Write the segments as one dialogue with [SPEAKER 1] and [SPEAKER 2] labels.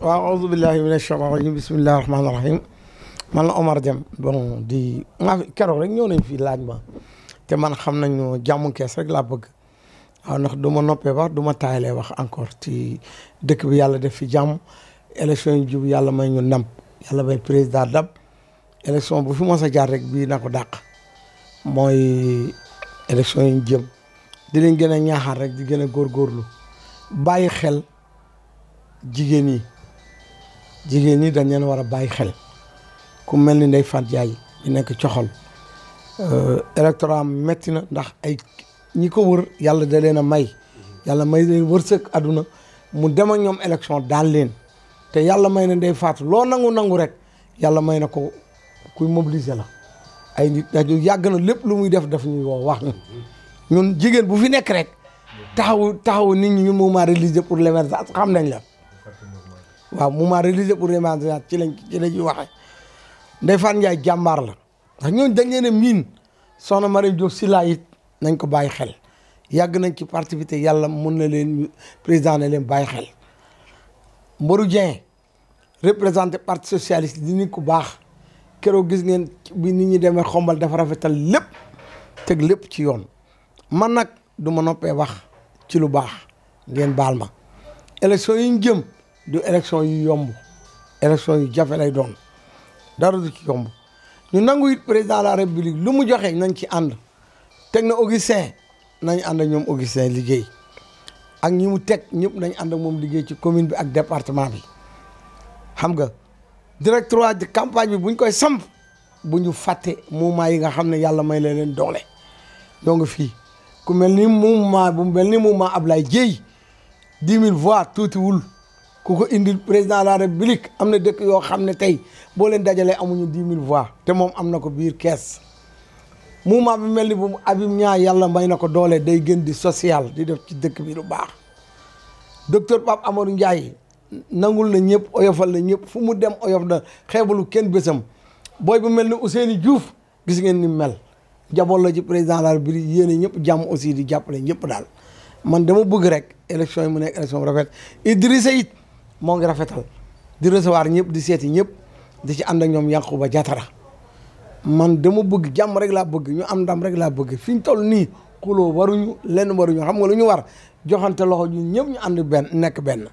[SPEAKER 1] waaw auzu billahi mina shaytaani rajim bismillahi rahmaani rahim man la Omar dem bon di maa keroog rek ñëw nañ fii laaj ma te man xam nañu jàmm kees rek laa bëgg waaw ndax du ma noppee wax du ma taayalee wax encore ci dëkk bi yàlla def fi jàmm élection yu jub yàlla may ñu ndam yàlla may président dab élection bu fi mos a jaar rek bii na ko dàq mooy élection yi jëm di leen gën a ñaaxaar rek di gën a góorgóorlu bàyyi xel jigéen yi jigéen ñi dañ leen war a bàyyi xel ku mel ni Ndeye Fatou Ndiaye di nekk coxol euh, électorat métti na ndax ay ñi ko wër yàlla da leen a may yàlla may leen wërsëg àdduna mu dem ak ñoom élection daal leen te yàlla may na Ndeye Fatou loo nangu nangu rek yàlla may na ko kuy mobiliser la ay nit ndax yàgg na lépp lu muy def daf ñuy woo wax ñu ñun jigéen bu fi nekk rek taxawu taxawu nit ñi ñun mouvement religieux pour l'émergence xam nañ la waaw ma mouvement religieux pour a ci lañ ci la ñuy waxee Ndeye Fane Ndiaye jàmbaar la ndax ñooñu dañ leen a miin soxna Mariam Diop Sylla it nañ ko bàyyi xel yàgg nañ ci parti bi te yàlla mun na leen président ne leen bàyyi xel Mbourou Dieng représenté parti socialiste di nit ku baax keroog gis ngeen bi nit ñi demee xombal dafa rafetal lépp teg lépp ci yoon man nag du ma noppee wax ci lu baax ngeen baal ma élection yi ñu du élection yu yomb élection yu jafe lay doon dara du ci yomb ñu nangu it président de la république lu mu joxe nañ ci ànd teg na Augustin nañ ànd ak ñoom Augustin liggéey ak ñi mu teg ñëpp nañ ànd ak moom liggéey ci commune bi ak département bi xam nga directoire de campagne bi buñ koy samp bu ñu fàtte mouvement yi nga xam ne yàlla may la leen doole ñoo ngi fii ku mel ni mouvement bu mel ni mouvement Ablaye Dieye dix mille voix tuutiwul ku ko indil président de la république am na dëkk yoo xam ne tey boo leen dajalee amuñu dix mille voix te moom am na ko biir kees mouvement bi mel ni bu mu Habib Niang yàlla may na ko doole day génn di social di def ci dëkk bi lu baax docteur Pape Amadou Ndiaye nangul na ñëpp oyofal na ñëpp fu mu dem oyof na xeebalu kenn bésam booy bu mel ni Ousseynou Diouf gis ngeen ni mel jaboot la ci président de la République yéene ñëpp jàmm aussi di jàppale ñëpp daal man dama bëgg rek élection yi mu nekk élection bu rafet Idrissa moo ngi rafetal di recevoir ñëpp di seeti ñëpp di ci ànd ak ñoom ba Diatara man dama bëgg jàmm rek la bëgg ñu am ndam rek laa bëgg fi ñu toll nii xuloo waruñu lenn waruñu xam nga lu ñu war joxante loxo ñu ñëpp ñu ànd benn nekk benn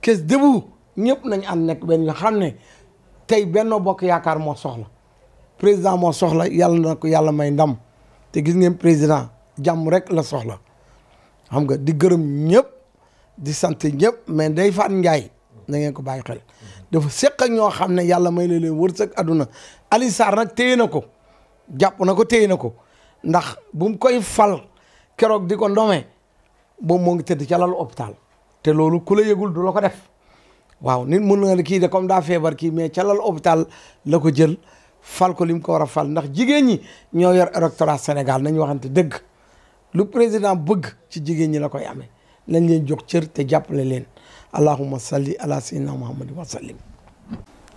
[SPEAKER 1] Kees Debout ñëpp nañ ànd nekk benn ñu xam ne tey Benno Bokk Yaakaar moo soxla président moo soxla yàlla na ko yàlla may ndam te gis ngeen président jàmm rek la soxla xam nga di gërëm ñëpp di sant ñëpp mais day faat njaay na ngeen ko bàyyi xel dafa seq ak ñoo xam ne yàlla may la leen wërsëg aduna Alioune Sarr nag téye na ko jàpp na ko téye na ko ndax bu koy fal keroog di ko ndomee boobu moo ngi tëdd ca lalu te loolu ku la yëgul du la ko def waaw ni mën nga ne kii de comme daa feebar kii mais ca lalu la ko jël fal ko li mu ko war a fal ndax jigéen ñi ñoo yor électorat Sénégal nañu waxante dëgg lu président bëgg ci jigéen ñi la koy amee nañ leen jox cër te jàppale leen allahumma salli ala sayyidina muhammadin wa sallim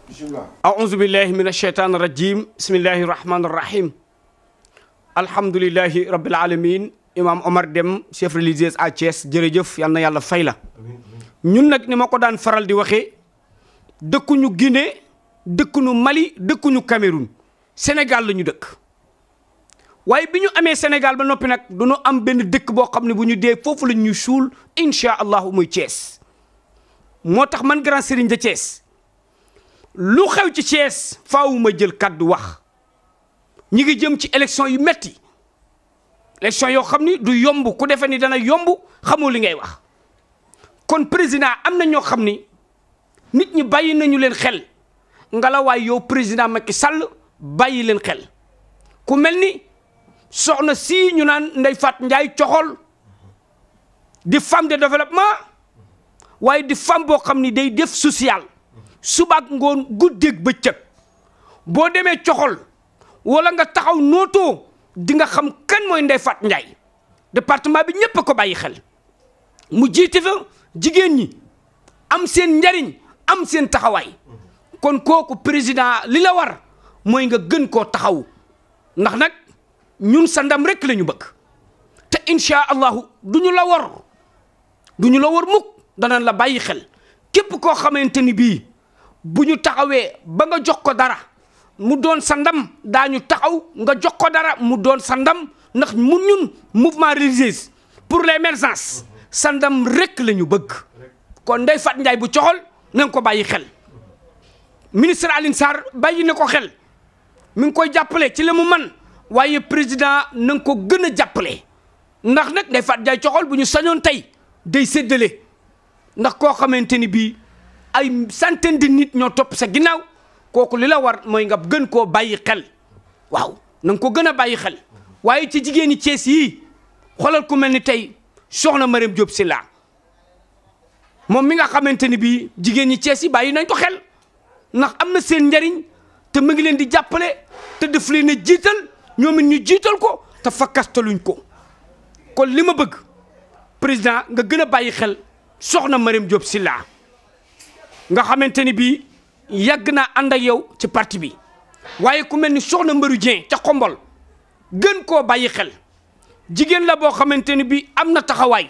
[SPEAKER 2] bismillah a'udhu billahi minash shaitanir rajim bismillahir rahmanir alhamdulillahi rabbil alamin imam Omar Deme chef religieux à Thiès jërëjëf yal na yàlla fay ñun nag ni ma ko daan faral di waxe dëkkuñu Guinée dëkkuñu Mali dëkkuñu Cameroun Sénégal lañu dëkk waaye bi ñu amee Sénégal ba noppi nag du ñu am benn dëkk boo xam ne bu ñu dee foofu la ñuy suul incha allahu muy Thiès moo tax man grand sëriñ de Thiès lu xew ci Thiès faaw ma jël kàddu wax ñi ngi jëm ci élection yu metti élection yoo xam ni du yomb ku defe ni dana yomb xamoo li ngay wax kon président am na ñoo xam ni nit ñi bàyyi nañu leen xel ngalawaay yow président Macky Sall bàyyi leen xel ku mel ni. soxna si ñu naan ndey Fat Ndiaye coxol di femme de développement waaye di femme boo xam ni day def social subaat ngoon guddeeg bëccëg boo demee coxol wala nga taxaw nootoo dinga xam kan mooy Ndeye Fat Ndiaye département bi ñépp a ko bàyyi xel mu jiite fa jigéen ñi am seen njariñ am seen taxawaay kon kooku président li la war mooy nga gën koo taxaw ndax nag ñun sa ndam rek la ñu bëgg te insha allahu duñu la war duñu la war mukk danañ la bàyyi xel képp koo xamante ni bii bu ñu taxawee ba nga jox ko dara mu doon sa ndam daañu taxaw nga jox ko dara mu doon sa ndam ndax mu ñun mouvement religieux pour l'émergence sa ndam rek la ñu bëgg kon Ndeye Fatou Ndiaye bu coxol na nga ko bàyyi xel ministre Alioune Sarr bàyyi ne ko xel mi ngi koy jàppale ci la mu man waaye président na ko gën a jàppale ndax nag day fat jaay coxol bu ñu sañoon tey day séddale ndax koo xamante ni bii ay centaine de nit ñoo topp sa ginnaaw kooku li la war mooy nga gën koo bàyyi xel waaw na ko gën a bàyyi xel waaye ci jigéen ñi Cees yii xoolal ku mel ni tey soxna Mariam si laa moom mi nga xamante ni bii jigéen ñi Cees yi bàyyi nañ ko xel ndax am na seen njariñ te mu ngi leen di jàppale te daf leen a jiital ñoom ñu jiital ko te fakkastaluñ ko kon li ma bëgg président nga gën a bàyyi xel soxna Mariam Diop Sylla nga xamante ni bii yàgg naa ànd ak yow ci parti bi waaye ku mel ni soxna Mbaru Dieng ca Xombol gën koo bàyyi xel jigéen la boo xamante ni bii am na taxawaay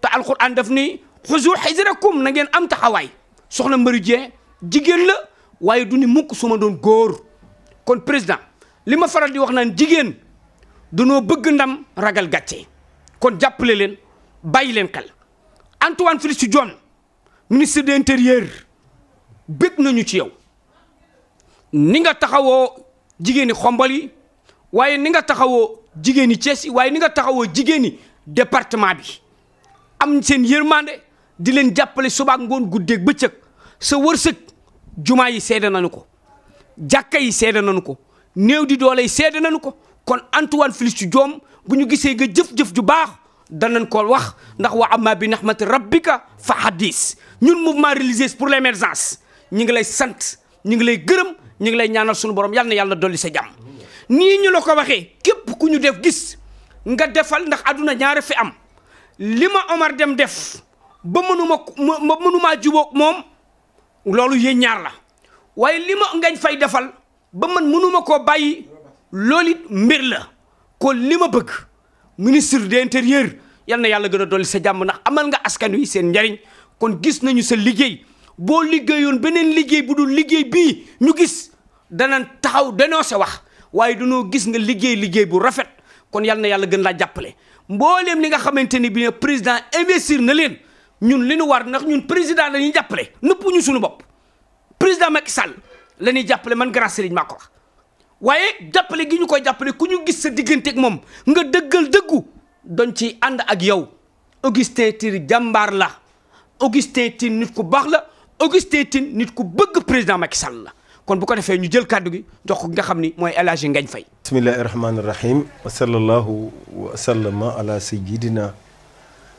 [SPEAKER 2] te alxuraan daf ni xuzu xijrakum na ngeen am taxawaay soxna Mbaru Dieng jigéen la waaye du ni mukk su doon góor kon président li ma faral di wax naan jigéen danoo bëgg ndam ragal gàcce kon jàppale leen bàyyi leen xel Antoine Félix Diome ministre de l'intérieur bëgg nañu ci yow ni nga taxawoo jigéeni xombal yi waaye ni nga taxawoo jigéeni Thiès yi waaye ni nga taxawoo jigéeni département bi am seen yërmande di leen jàppale subaak ngoon guddeeg bëccëg sa wërsëg jumaa yi seede nañu ko jàkka yi seede nañu ko néew di doole yi seede nañu ko kon Antoine Félix Diome bu ñu gisee nga jëf-jëf ju baax da danañ ko wax ndax wa amma bi nahmati rabbika fa hadis ñun mouvement religieux pour l'émergence ñu ngi lay sant ñu ngi lay gërëm ñu ngi lay ñaanal suñu borom yal na yàlla dolli sa jàmm nii ñu la ko waxee képp ku ñu def gis nga defal ndax àdduna ñaare fi am li ma Omar dem def ba mënuma ma mënumaa moom loolu yéen ñaar la waaye li ma defal ba man mënuma koo bàyyi loolu it mbir la kon li ma bëgg ministre de l'intérieur yal na yàlla gën a dolli sa jàmm ndax amal nga askan wi seen njariñ kon gis nañu sa liggéey boo liggéeyoon beneen liggéey bu dul liggéey bii ñu gis dana taxaw danoo sa wax waaye dunoo gis nga liggéey liggéey bu rafet kon yal na yàlla gën laa jàppale mbooleem li nga xamante ni bi président investir na leen ñun li nu war ndax ñun président lañuy jàppale nëpp ñu suñu bopp président Sall la jàppale man grand sëriñ maa ko waaye jàppale gi ñu koy jàppale ku ñu gis sa diggante ak moom nga dëggal dëggu doon ci ànd ak yow Augustin Tine jàmbaar la Augustin Tine nit ku baax la Augustin Tine nit ku bëgg président Macky Sall la kon bu ko defee ñu jël kàddu gi jox ko nga xam ni mooy El Hadji Ngagne Faye
[SPEAKER 3] bismillahi rahmaani rahim wa sallallahu wa sallama ala sayyidina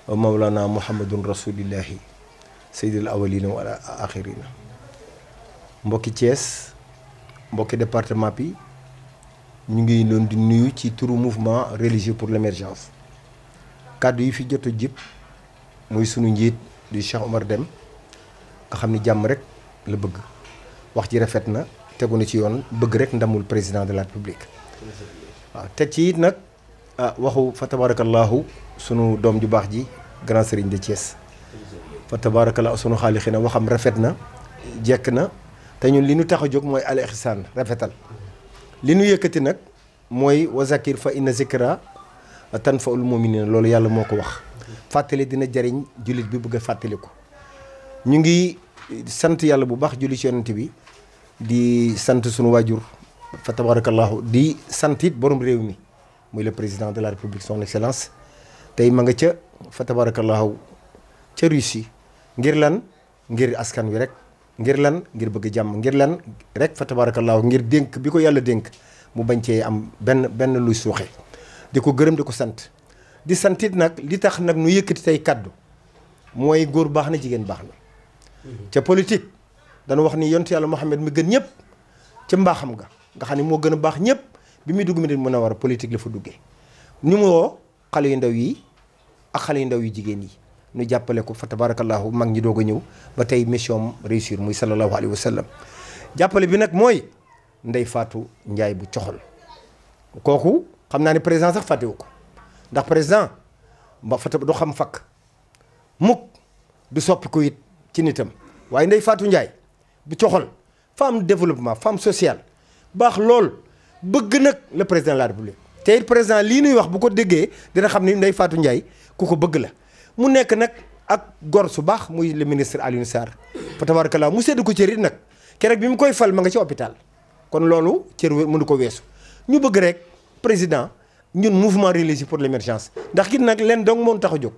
[SPEAKER 3] wa mawlana muhammadun rasulillahi sayyidil awalina wa ala axirina mbokki Thiès mbokki département bi ñu ngi leen di nuyu ci turu mouvement religieux pour l'émergence kàddu yi fi jot a jib muy sunu njiit du Cheikh Omar Deme nga xam ni jàmm rek la bëgg wax ji rafet na tegu na ci yoon bëgg rek ndamul président de la République waaw teg ci it nag ah, waxu fa tabarakallahu sunu doom ju baax ji grand sëriñ de Thiès fa tabarakallahu sunu xaalixi na waxam rafet na jekk na te ñun li ñu tax a jóg mooy al ihsan rafetal li nu yëkkati nag mooy wa zakir fa inna zikra tanfaul muminina loolu yàlla moo ko wax fàttali dina jariñ jullit bi bëgg a ko ñu ngi sant yàlla bu baax julli ci yonent bi di sant sunu waajur fa tabarakallahu di santit it borom réew mi muy le président de la république son excellence tey ma nga ca fa tabarakallahu ca Russie ngir lan ngir askan wi rek ngir lan ngir bëgg jàmm ngir lan rek fa tabaarakallaahu ngir dénk bi ko yàlla dénk mu bañ cee am benn benn luy suuxe di ko gërëm di ko sant di santit nag li tax nag nu yëkkati tey kàddu mooy góor baax na jigéen baax na mhm. ca politique dana wax ni yontu yàlla Muhammad mi gën ñëpp ca mbaaxam ga nga xam ne moo gën a baax ñëpp bi muy dugg mi di mën a war a politique la fa duggee ñu mu woo xale yu ndaw yi ak xale yu ndaw yu jigéen yi ñu jàppale ko fa tabarakallahu mag ñi doo ko ñëw ba tey mission réussir muy sallallahu alayhi wa sallam jàppale bi nag mooy ndey faatu njaay bu coxol kooku xam naa ne président sax fàttewu ko ndax président ba fa du xam fakk mukk du soppi ko it ci nitam waaye ndey faatu njaay bu coxol femme développement femme sociale baax lool bëgg nag la président laa la république te président lii nuy wax bu ko déggee dina xam ni ndey faatu njaay ku ko bëgg la mu nekk nag ak gor su baax muy le ministre Alioune Sarr fa tabarakallah mu sedd ko cër it nag keroog bi mu koy fal ma nga ci hôpital kon loolu cër mënu ko weesu ñu bëgg rek président ñun mouvement religieux pour l'émergence ndax gis nag leen dong moom tax a jóg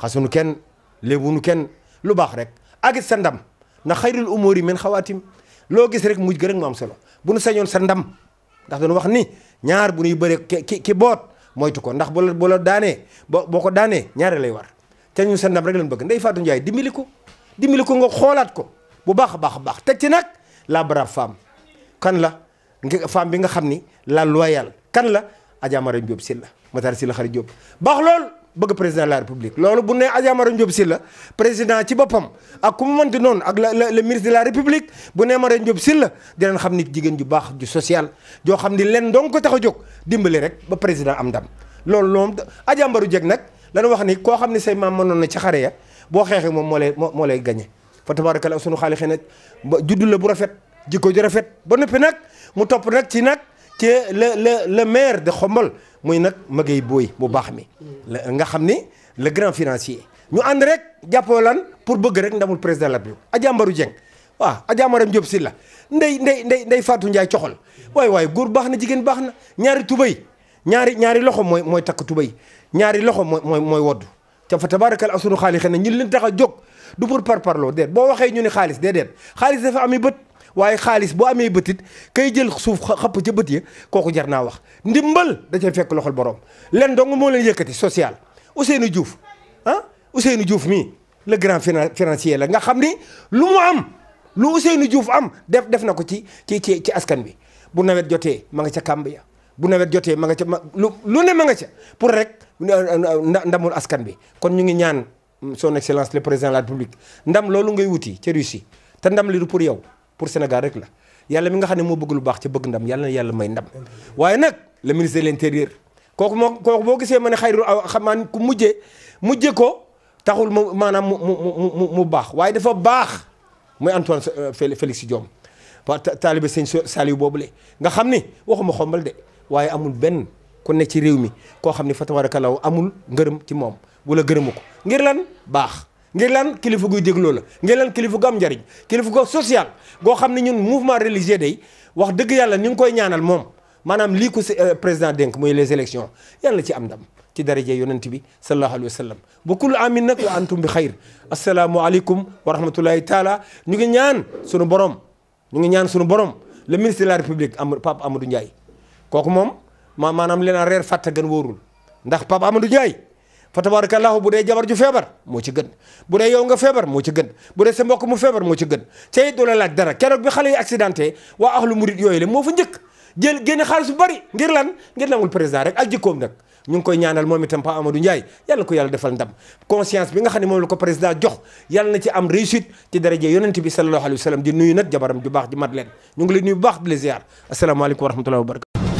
[SPEAKER 3] xasunu kenn léebunu kenn lu baax rek agit sa ndam na xayrul umóor yi men xawaatim loo gis rek mujj gërëm mu am solo bu nu sañoon sa ndam ndax doon wax ni ñaar bu ñuy bëree ki ki boot moytu ko ndax bu la daanee boo boo ko daanee ñaare lay war te ñu seen ndam rek lañ bëgg Ndeye Fatou Ndiaye dimbali ko dimbali ko nga xoolaat ko bu baax baax a baax teg ci nag la brave femme kan la femme bi nga xam ni la loyale kan la Adja Mara Diop Sylla Matar Sylla Khary Diop baax lool bëgg président la république loolu bu ne Adja Mara Diop président ci boppam ak ku mu mënti noonu ak le ministre de la république bu ne Mara Diop Sylla dinañ xam ni jigéen ju baax ju social joo xam ni leen doon ko tax a jóg dimbali rek ba président am ndam loolu loolu Adja Mbaru jeg nag dañu wax ni koo xam ne say maam mënoon na ci xare ya boo xeexee moom moo lay moo lay gañe fa tabaarakalla sunu xaalis xëy na ba juddu la bu rafet jikko ju rafet ba noppi nag mu topp nag ci nag ci le maire de Xombol muy nag magay booy bu baax mi. nga xam ni le grand financier. ñu ànd rek jàppoo lan pour bëgg rek ndamul président la République Adja Mbarou Dieng waaw Adja Maram si la ndey ndey ndey ndey Fatou Ndiaye coxol waay waay baax na jigéen baax na ñaari tubay ñaari ñaari loxo mooy mooy takk tubay ñaari loxo mooy mooy mooy wodd ca fa tabaarakal asuru xaalis xëy na ñi leen tax a jóg du pour parloo déet boo waxee ñu ne xaalis déedéet xaalis dafa ami bët waaye xaalis boo amee bëtit kay jël suuf xapp ca bët ya kooku jar naa wax ndimbal da cay fekk loxol borom leen dong moo leen yëkkati social Ousseynou Diouf ah Ousseynou Diouf mii le grand financier la nga xam ni lu mu am lu Ousseynou juuf am def def na ko ci ci ci askan bi bu nawet jotee ma nga ca kàmb ya bu nawet jotee ma nga ca ma lu lu ne ma nga ca pour rek euh, euh, ndamul askan bi kon ñu ngi ñaan son excellence le président la république ndam loolu ngay wuti ca Russie te ndam li du pour yow pour Sénégal rek la yàlla mi nga xam ne moo bëgg lu baax ca bëgg ndam yàlla na yàlla may ndam waaye nag le ministre de l'intérieur kooku moo kooku boo gisee ma ne xayru euh, xamaan ku mujjee mujje ko taxul mu maanaam mu mu mu baax waaye dafa baax muy Antoine Félix Diome taalibe sëñ Saliou boobule nga xam ni waxuma xombal waaye amul benn ku ne ci réew mi koo xam ne fa tabarakallaahu amul ngërëm ci moom wala gërëmu ko ngir lan baax ngir lan kilifa guy dégloo la ngir lan kilifa gu am njariñ kilifa gu social goo xam ne ñun mouvement religieux day wax dëgg yàlla ñu ngi koy ñaanal moom maanaam lii ko euh, président dénk mooy les élections yàlla ci am ndam ci daraje yonent bi sallallahu alayhi wa sallam ba kullu amin nag wa antum bi xayr asalaamualeykum wa rahmatullahi taala ñu ngi ñaan sunu borom ñu ngi ñaan sunu borom le ministre la république am Pape Amadou Ndiaye kooku moom ma maanaam leen a reer fàtte gën wóorul ndax Pape Amadou Ndiaye fa tabarakallahu bu dee jabar ju feebar moo ci gën bu dee yow nga feebar moo ci gën bu dee sa mbokk mu feebar moo ci gën te it doo la laaj dara keroog bi xale yi accidenté waa axlu murit yooyu la moo fa njëkk jël génne xaalis bu bari ngir lan ngir nangul président rek ak jikkoom nag ñu ngi koy ñaanal moom itam Pape Amadou Ndiaye yàlla ko yàlla defal ndam conscience bi nga xam ne moom la ko président jox yàlla na am réussite ci daraje yonent bi sallallahu nuyu nag jabaram ju baax di mat leen ñu ngi lay nuyu bu baax la ziar asalaamaaleykum